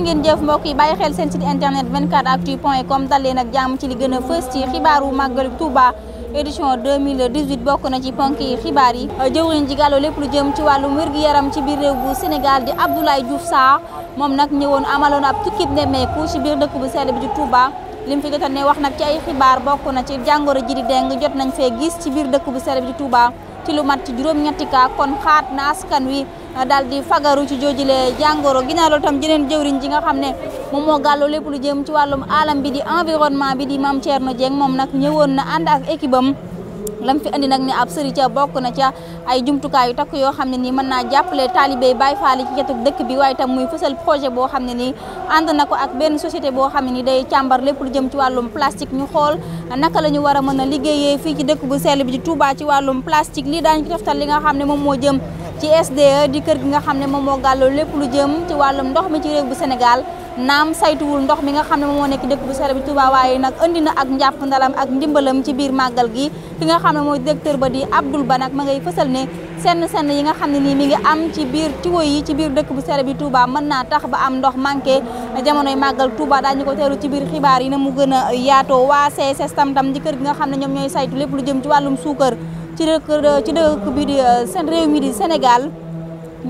jërë ngeen jëf mbokk yi bàyyi xel seen site internet 24actu point com dal leen ak jàmm ci li gën a fës ci xibaaru màggalu Touba édition 2018 bokk na ci ponk yi xibaar yi jëwriñ ji gàllo lépp lu jëm ci wàllum wér yaram ci biir réew bu Sénégal di Abdoulaye Diouf Sarr moom nag ñëwoon amaloon ab tukkib nemmeeku ci biir dëkk bu sell bi di Touba lim fi jotal ne wax nag ci ay xibaar bokk na ci jàngoro ji di deng jot nañ fee gis ci biir dëkk bu sell bi di Touba ci lu mat ci juróom-ñetti kaa kon xaat na askan wi daal di fagaru ci joojile jàngoro ginnaaw loolu tam jeneen jëwriñ ji nga xam ne moom moo gàlloo lépp lu jëm ci wàllum alam bi di environnement bi di mam Mame Thierno Dieng moom nag ñëwoon na ànd ak équipe am lam fi andi nag ni ab sëri ca bokk na ca ay jumtukaay yu takk yoo xam ne nii mën naa jàppale taalibe Baay Faal ci ketug dëkk bi waaye tam muy fësal projet boo xam ne ni ànd na ko ak benn société boo xam ne nii day càmbar lépp lu jëm ci wàllum plastique ñu xool naka la ñu war mën a liggéeyee fii ci dëkk bu sell bi ci Touba ci wàllum plastique lii daañu ko toftal li nga xam ne moom moo jëm ci SDE di kër gi nga xam ne moom moo gàlloo lépp lu jëm ci wàllum ndox mi ci réew bu Sénégal naam saytuwul ndox mi nga xam ne moo nekk dëkk bu sore bi Touba waaye nag andi na ak njàpp ndalam ak ndimbalam ci biir màggal gi ki nga xam ne mooy directeur ba di Abdoul Ba nag ma ngay fësal ne senn senn yi nga xam ne nii mi ngi ci biir tiwo yi ci biir dëkk bu sore bi Touba mën naa tax ba am ndox manqué jamonoy màggal daa ñu ko teeru ci biir xibaar yi na mu gën a yaatoo waa CSS tam tam di kër gi nga xam ne ñoom ñooy saytu lépp lu jëm ci wàllum suukar ci dëkk ci dëkk bi di euh, seen réew mi di Sénégal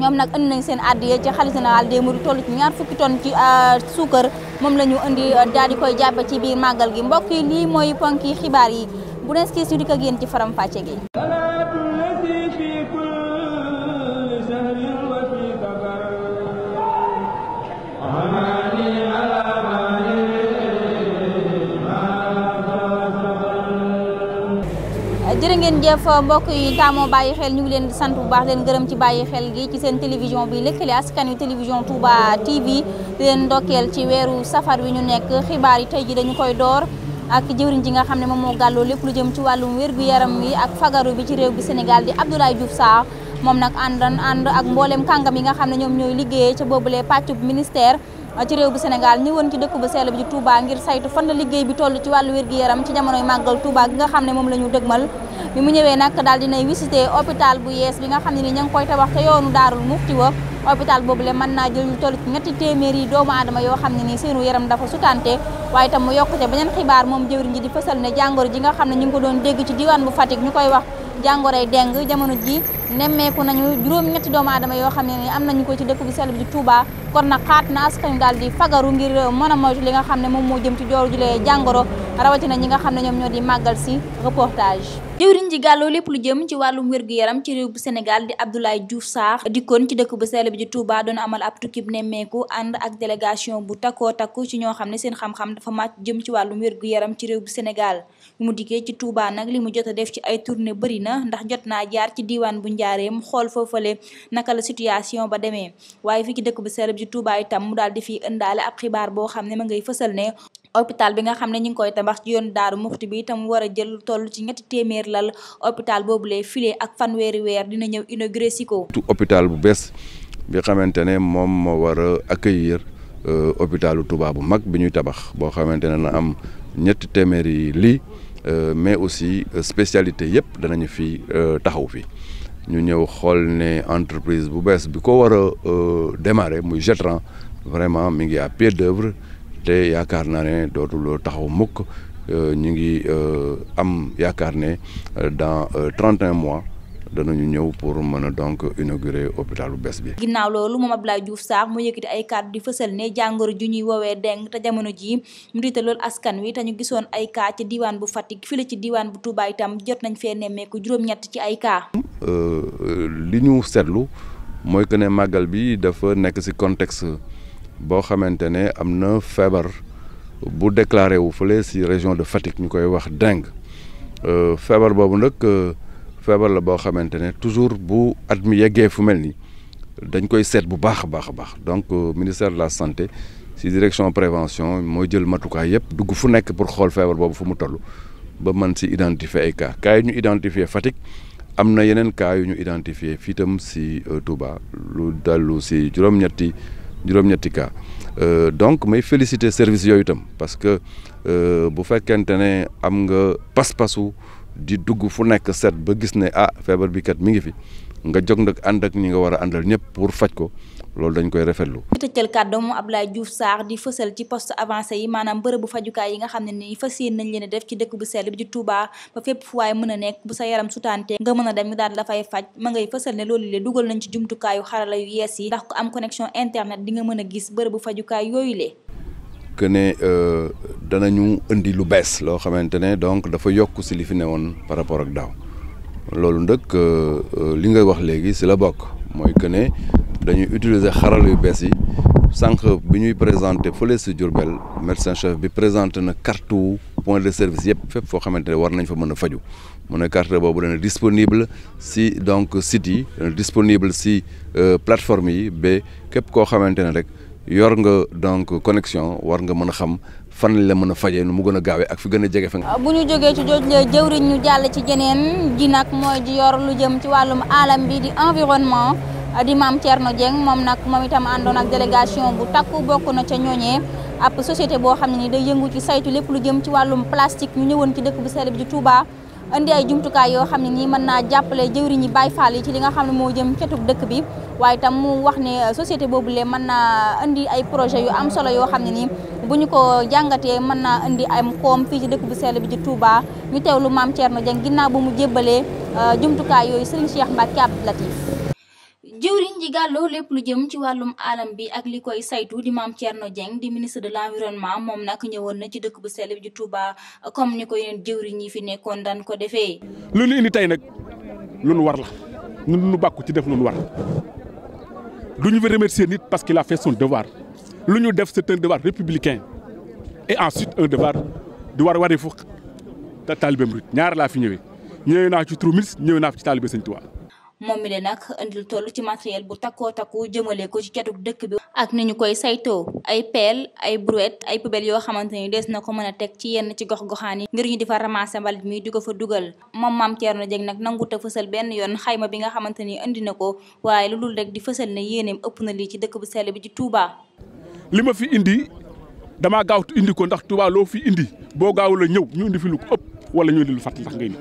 ñoom nag indi nañ seen addiya ci xalifa général des mourides toll ci ñaar fukki tonn ci euh, suukar moom la indi euh, daal di koy jàppe ci biir màggal gi mbokk yi lii mooy ponki xibaar yi bu nees kees ñu di ko génn ci faram gi jërë ngeen jëf mbokk yi taamoo bàyyi xel ñu ngi leen di sant bu baax leen gërëm ci bàyyi xel gi ci seen télévision bi lëkkale askan wi télévision Touba TV di leen ndokkeel ci weeru safar wi ñu nekk xibaar yi tey ji dañu koy door ak jëwriñ ji nga xam ne moom moo gàlloo lépp lu jëm ci wàllu wér gi yaram wi ak fagaru bi ci réew bi Sénégal di Abdoulaye Diouf saa moom nag àndan ànd ak mboolem kàngam yi nga xam ne ñoom ñooy liggéeyee ca boobulee pàccub ministère ci réew bu Sénégal ñëwoon ci dëkk bu sell bi ci Touba saytu fan la liggéey bi toll ci wàllu wér gu ci jamonoy màggal Touba gi nga xam ne moom la ñu dëgmal bi mu ñëwee nag daal dinay visité hôpital bu yees bi nga xam ne ni ña ngi koy tabax te yoonu daarul mufti wa hôpital boobu le mën naa jël ñu toll ñetti téeméer doomu aadama yoo xam ne nii seenu yaram dafa sutante waaye itam mu yokkute beneen xibaar moom jëwriñ ji di fësal ne jàngoro ji nga xam ne ñu ngi ko doon dégg ci diwaan bu Fatick ñu koy wax jàngoroy deng jamono ji nemmeeku nañu juróom ñetti doomu aadama yoo xam ne ni am nañu ko ci dëkk gi sell bi di Touba kon nag xaat na askan daal di fagaru ngir mën a moytu li nga xam ne moom moo jëm ci jooru julee jàngoro rawatina ñi nga xam ne ñoom ñoo di màggal si reportage. jëwriñ ji gàlloo lépp lu jëm ci wàllum wér-gu-yaram ci réew bu Sénégal di Abdoulaye Diouf Sarr dikkoon ci dëkk bu sell bi di Touba doon amal ab tukkib nemmeeku ànd ak délégation bu takkoo takku ci ñoo xam ne seen xam dafa màcc jëm ci wàllum wér yaram ci réew bu mu dikkee ci Touba nag li mu jot a def ci ay tournée bëri na ndax jot naa jaar ci diiwaan bu njaareem xool foofale naka la situation ba demee waaye fii ci dëkk bu sell bi di itam mu daal di fi indaale ab xibaar boo xam ne ma ngay fësal ne hôpital bi nga xam ne ñu ngi koy tabax ci yoon daaru muxti bi itam war a jël toll ci ñetti téeméer lal hôpital boobu lay filé ak fanweeri weer dina ñëw inauguré si ko. tout hôpital bu bees bi xamante ne moom moo war a accueillir euh, hôpitalu Touba bu mag bi ñuy tabax boo xamante ne na am ñetti téeméeri lii euh, mais aussi euh, spécialité yëpp danañu fi taxaw fi ñu ñëw xool ne entreprise bu bees bi ko war a démarrer muy Jetran vraiment mu ngi à pied d'œuvre te yaakaar naa ne dootul taxaw mukk euh, ñu ngi euh, am yaakaar ne euh, dans trente un mois danañu ñëw pour mën a donc inaugurer hôpital bu bees bi. ginnaaw loolu moom Abdoulaye Diouf Sarr mu yëkkati ay kàddu di fësal ne jàngoro ju ñuy woowee dengue te jamono jii mu diite loolu askan wi te ñu gisoon ay cas ci diwaan bu Fatick fii la ci diwaan bu Touba itam jot nañ fee nemmeeku juróom-ñett ci ay cas. li ñu seetlu mooy que ne màggal bi dafa nekk ci contexte. boo xamante ne am na feebar bu déclaré wu fële si région de Fatick ñu koy wax dengue euh, feebar boobu nag euh, feebar la boo xamante ne toujours bu at mi yeggee fu mel ni dañ koy seet bu baax a baax a baax donc euh, ministère de la santé si direction prévention mooy jël matukaay yëpp dugg fu nekk pour xool feebar boobu fu mu toll ba man si identifier ay cas yi ñu identifier Fatick am na yeneen cas yu ñu identifier fii tam si Touba lu dallu si juróom-ñetti. juróom-ñetti cas euh, donc may félicité service yooyu itam parce que euh, bu fekkente ne am nga pas-pasu di dugg fu nekk set ba gis ne ah feebar bi kat mi ngi fi nga jóg nag ànd ak ñi nga war a àndal ñëpp pour faj ko loolu dañ koy rafetlu. ñu tëjal kàddoom Abdoulaye Diouf saax di fësal ci poste avancé yi maanaam bu fajukaay yi nga xam ne nii fas yéene nañ leen def ci dëkk bu sell bi ci Touba ba a nekk bu sa yaram sutaante nga mën a dem ñu daal la faj ma ngay fësal ne loolu le dugal nañ ci jumtukaayu xarala yu yees yi ndax ko am connexion internet di nga mën a gis bu fajukaay yooyu le que ne euh, danañu indi lu bees loo xamante ne donc dafa yokk si li fi woon par rapport ak daaw loolu nag euh, euh, li ngay wax léegi si la bokk mooy que ne dañuy utiliser xaral yu bees yi sànq bi ñuy présenté fële si Diourbel médecin chef bi présenté na carte point de service yëpp fépp foo xamante ne war nañ fa mën a faju mu ne carte boobu dana disponible si donc site yi dana disponible si euh, plateforme yi ba képp koo xamante ne rek yor nga donc connexion war nga mën a xam fan lañ la mën a fajee nu mu gën a gaawee ak fi gën a jege fa nga. Ah, bu ñu jógee ci jooju la jëwriñ ñu jàll ci jeneen ji nag mooy ji yor lu jëm ci wàllum alam bi di environnement ah, di maam Thierno Dieng moom nag moom itam àndoon ak délégation bu takku bokk na ca ñooñee ab société boo xam ne ni day yëngu ci saytu lépp lu jëm ci wàllum plastique ñu ñëwoon ci dëkk bu sell bi di Touba. indi ay jumtukaay yoo xam ne nii mën naa jàppale jëwriñ yi Baay Faal yi ci li nga xam ne moo jëm cetub dëkk bi waaye tam mu wax ne société boobu le mën naa indi ay projet yu am solo yoo xam ne nii bu ñu ko jàngatee mën naa indi am koom fii ci dëkk bu sell bi ci Touba ñu teewlu maam Thierno Dieng ginnaaw bu mu jébbalee euh, jumtukaay yooyu Serigne Cheikh Mbacke Abdou Latif jëwriñ ji gàlloo lépp lu jëm ci wàllum alam bi ak li koy saytu di maam Thierno Dieng di ministre de l' environnement moom nag ñëwoon na ci dëkk bu sell bi ci Touba comme ni ko yeneen jëwriñ yi fi nekkoon daan ko defee. lu ñu indi tey nag lu nu war la ñun lu nu bàkku ci def lu nu war du ñu fi remercier nit parce qu'il a lu ñu def c'est un devoir républicain et ensuite un devoir di war waree fu te taalibe ñaar laa fi ñëwee ñëwee naa ci turu murit ñëwee naa fi ci taalibe Sëñ Tuubaa moom mi le nag indil toll ci matériel bu takkoo takku jëmale ko ci catug dëkk bi. ak ni ñu koy saytoo ay pelle ay brouette ay poubelle yoo xamante ni des na ko mën a teg ci yenn ci gox-goxaan yi. ngir ñu di fa ramasser mbalit mi di ko fa dugal moom maam Thierno Dieng nag nangut a fësal benn yoon xayma bi nga xamante ni indi na ko waaye lu di fësal ne yéeneem ëpp na ci dëkk bu sell bi ci Touba. li ma fi indi damaa gaaw indi ko ndax Touba loo fi indi boo gaawul a ñëw ñu indi fi lu ko ëpp wala ñu indi lu fàttali ndax ngay ñëw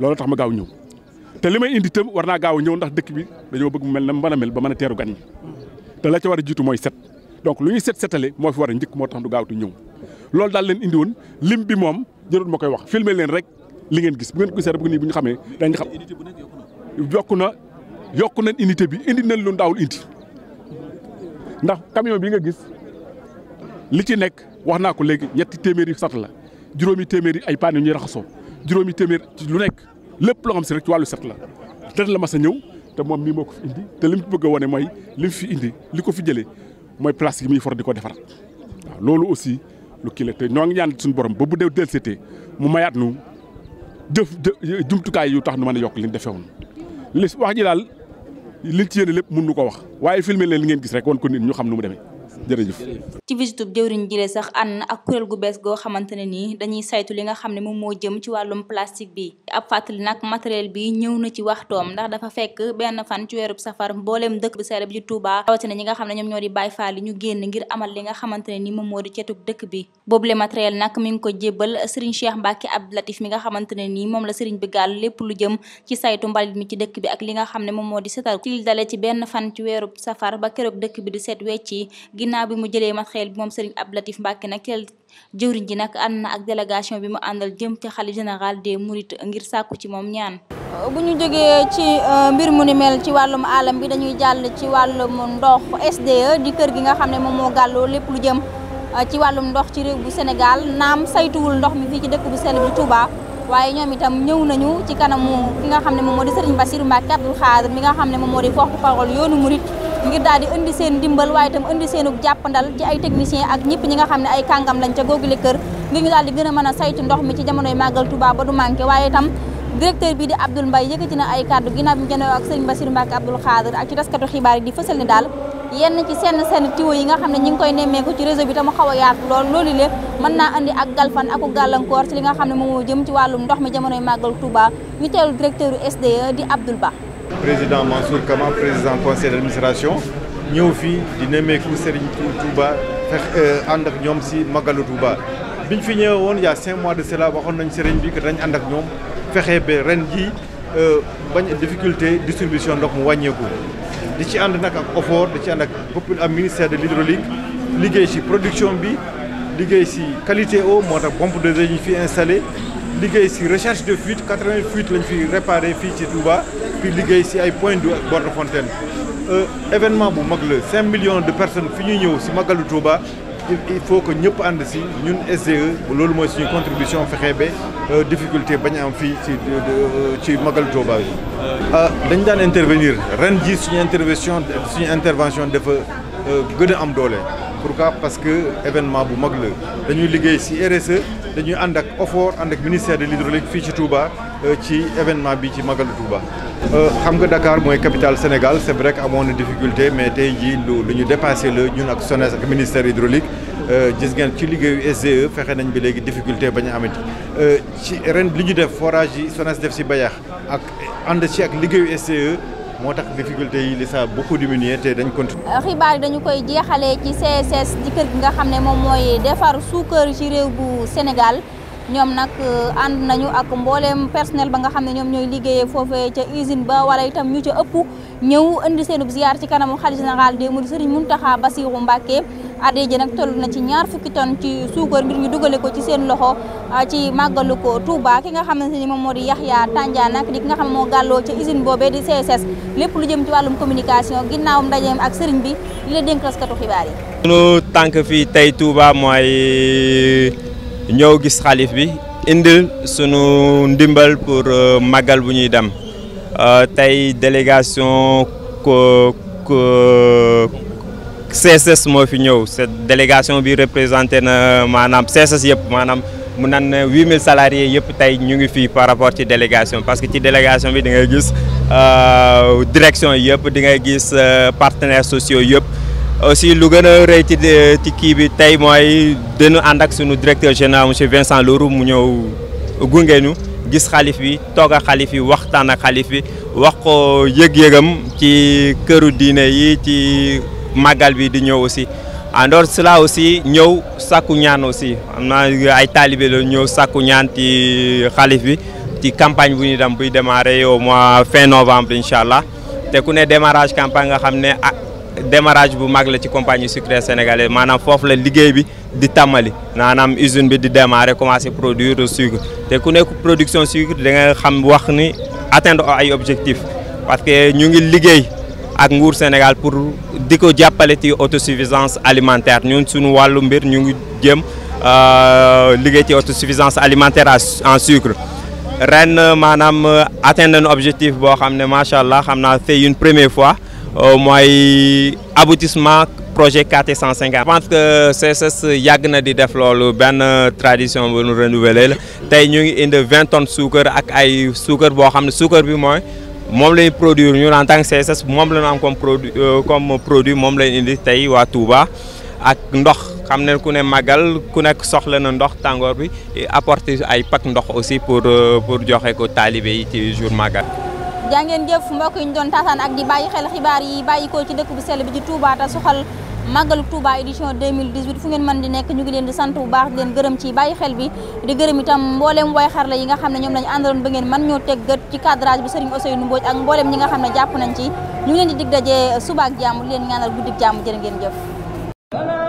loolu tax ma gaaw ñëw te li may indi tam war naa gaaw ñëw ndax dëkk bi dañoo bëgg mu mel na mën a mel ba mën a teeru gan ñi te la ca war a jiitu mooy set donc lu ñuy set setale moo fi war a njëkk moo tax du gaawtu ñëw loolu daal leen indi woon lim bi moom jërul ma koy wax filmer leen rek li ngeen gis bu ngeen ko gisee rek bu ñu xamee dañ xam yokku na yokku nañ unité bi indi nañ lu ndaawul indi ndax camion bi nga gis li ci nekk wax naa ko léegi ñetti téeméeri sat la juróomi téeméeri ay paan yu ñuy raxasoo juróomi téeméer lu nekk lépp loo xam si rek ci wàllu sat la tet la mas a ñëw te moom mii moo ko fi indi te lim mu bëgg a wane mooy li fi indi li ko fi jëlee mooy place yi muy for di ko defaraat waaw loolu aussi lu kii la te ñoo ngi ñaan suñu borom ba bu dee dellusitee mu mayaat nu jëf jumtukaay yu tax nu man a yokk li ñu woon li liñ ci lépp mun nu ko wax waaye filmer leen li ngeen gis rek wan ko ñu xam nu mu demee jërëjëf ci visitub jëwriñ ji sax ànd na ak kuréel gu bees goo xamante ne nii dañuy saytu li nga xam ne moom moo jëm ci wàllum plastique bi ab fàttali nag matériel bi ñëw na ci waxtoom ndax dafa fekk benn fan ci weerub safar mbooleem dëkk bi sell bi ci Touba ñi nga xam ne ñoom ñoo di Baay Faal yi ñu génn ngir amal li nga xamante ne nii moo di cetub dëkk bi boobule matériel nag mi ngi ko jébbal Serigne Cheikh Mbacke Abdou Latif mi nga xamante ne nii moom la Serigne bi gàll lépp lu jëm ci saytu mbalit mi ci dëkk bi ak li nga xam ne moom moo di setal ci dale ci benn fan ci weerub safar ba keroog dëkk bi di set wecci ginnaaw bi mu jëlee matériel bi moom Serigne Abdou Latif Mbacké nag ci jëwriñ ji nag ànd na ak délégation bi mu àndal jëm ci xalif général des mourides ngir sàkku ci moom ñaan. bu ñu jógee ci euh, mbir mu ni mel ci wàllum alam bi dañuy jàll ci wàllum ndox SDE di kër gi nga xam ne moom moo gàlloo lépp lu jëm euh, ci wàllum ndox ci réew bu Sénégal naam saytuwul ndox mi fii ci dëkk bu sell bi Touba. waaye ñoom itam ñëw nañu ci kanamu ki nga xam ne moom moo di Serigne Bassirou Mbacké Abdoul Khadr mi nga xam ne moom moo di porte-parole yoonu murit ngir daal di indi seen ndimbal waaye itam indi seen jàppandal ci ay technicien ak ñëpp ñi nga xam ne ay kàngam lañ ca googule kër ngir ñu daal di gën a mën a saytu ndox mi ci jamonoy màggal tubaa ba du manqué waaye itam directeur bii di Abdoul Mbaye yëkkati na ay kàddu ginnaaw bi janoo ak Serigne Bassirou Mbacké Abdoul Khadir ak ci taskatu xibaar yi di fësal ni daal yenn ci seen seen tiwo yi nga xam ne ñi ngi koy nemmeeku ci réseau bi te xaw a yaatu lool loolu lépp andi ak galfan gàllankoor ci li nga xam ne moom moo jëm ci wàllum ndox mi jamonoy màggal Touba ñu teelu directeur u e di Abdoul Ba président Mansour Kama président conseil d' administration ñëw fii di nemmeeku Serigne Touba fex euh, ànd ak ñoom si Magalu bi ñu fi ñëwee woon yaa a mois de cela waxoon nañ seriñ bi que dañ ànd ak ñoom fexe ba ren ji euh, bañ difficulté distribution ndox mu wàññeeku. di ci ànd nag ak OFOR di ci ànd ak popul am ministère de l' liggéey si production bi liggéey si qualité eau moo tax pompe de ñu fi installé. liggéey si recherche de fuite 80 fuites lañ fi réparé fii ci Touba puis liggéey si ay point d'eau ak borne fontaine euh, événement bu mag la 5 millions de personnes fi ñuy ñëw si Magalu Touba il faut que ñëpp ànd si ñun SDE loolu mooy suñu contribution fexe ba euh, difficulté bañ am fii ci euh, ci Magalu Touba bi. dañ daan intervenir ren ji suñu intervention suñu intervention dafa gën a am doole. pourquoi parce que événement bu mag la dañuy liggéey ci RSE dañuy ànd ak OFOR ànd ak ministère de fii ci Touba euh, ci événement bi ci Magalu Touba. Euh, xam nga Dakar mooy capitale Sénégal c'est vrai que amoon na difficulté mais tey jii lu lu ñu dépassé la ñun ak SONES ak ministère hydraulique euh, gis ngeen ci liggéeyu SDE fexe nañ bi léegi difficulté bañ a amati ci ren li ñu def forage yi SONES def ci Bayax ak ànd ci ak liggéeyu SDE. moo tax difficulté yi li ça beaucoup diminué te dañ continuer. xibaar yi dañu koy jeexalee ci CSS di kër gi nga xam ne moom mooy defar suukar ci réew bu Sénégal ñoom nag euh, ànd nañu ak mbooleem personnel ba nga xam ne ñoom ñooy liggéeyee foofee ca usine ba wala itam ñu ca ëpp ñëw indi seenub ziar ci kanamu xalifa général des mourides Serigne Mountakha Bassirou Mbacké. addiya ji nag toll na ci ñaar fukki tonn ci suukar ngir ñu dugale ko ci seen loxo ah, ci màggalu ko Touba ki nga xamante ni moom moo di Yaxya Tanja di ki nga xam moo gàlloo ca usine boobee di CSS lépp lu jëm ci wàllum communication ginnaawam ndajeem ak sëriñ bi di la dénk taskatu xibaar yi. sunu tànk fii tey Touba mooy ñëw gis xalif bi indil sunu ndimbal pour euh, màggal bu ñuy dem euh, tey délégation ko ko. CSS moo fi ñëw cette délégation bi représenté na maanaam CSS yëpp maanaam mu naan ne huit mille salariés yëpp tey ñu ngi fi par rapport ci délégation parce que ci délégation bi di ngay gis euh, direction yëpp di gis euh, partenaires sociaux yëpp. aussi lu gën a rëy ci euh, ci kii bi tey mooy dañu ànd ak sunu directeur général monsieur Vincent Lourou mu ñëw gunge gis xalif bi toog a xalif bi waxtaan ak xalif bi wax ko yëg-yëgam ci këru diine yi ci. màggal bi di ñëw aussi en dehors cela aussi ñëw sàkku ñaan aussi am na ay taalibe la ñëw sàkku ñaan ci xalif bi ci campagne bu ñu dem buy démarrer au mois fin novembre incha allah te ku ne démarrage campagne nga xam ne ah, démarrage bu mag la ci compagnie sucrière sénégalaise maanaam foofu la liggéey bi di tàmmali maanaam usine bi di démarrer commencé produire sucre te ku nekk production sucre da nga xam wax ni atteindre ay objectif parce que ñu ngi liggéey ak nguur Sénégal pour di ko jàppale ci autosuffisance alimentaire ñun suñu wàllu mbir ñu ngi jëm euh, liggéey ci autosuffisance alimentaire en sucre ren maanaam euh, atteindre nañu objectif boo xam ne macha allah xam naa c'est une premier fois euh, mooy aboutissement projet cent je pense que CSS yàgg na di def loolu benn tradition bu ñu la tey ñu ngi indi vingt tonnes suukar ak ay suukar boo xam ne suukar bi mooy. moom lay produit ñu en tant que moom la ñu am comme produit euh, comme produit moom lay indi tey waa Touba ak ndox xam ne ku ne màggal ku nekk soxla na ndox tàngoor bi apporter ay pack ndox aussi pour euh, pour joxe ko taalibe yi ci jour màggal. jaa ngeen jëf mbokk ñu doon tataan ak di bàyyi xel xibaar yi bàyyi ci dëkk bu sell bi ci Touba soxal. magalu Touba édition 2018 fu ngeen mën di nekk ñu ngi leen sant bu baax di leen gërëm ci bàyyi xel bi di gërëm itam mbooleem way xarla yi nga xam ne ñoom lañu àndaloon ba ngeen mën ñoo teg gët ci cadrage bi Serigne Ousseynou Mbodj ak mbooleem ñi nga xam ne jàpp nañ ci ñu ngi leen di dig dajee suba jàmm leen ñaanal guddik jàmm jërë ngeen jëf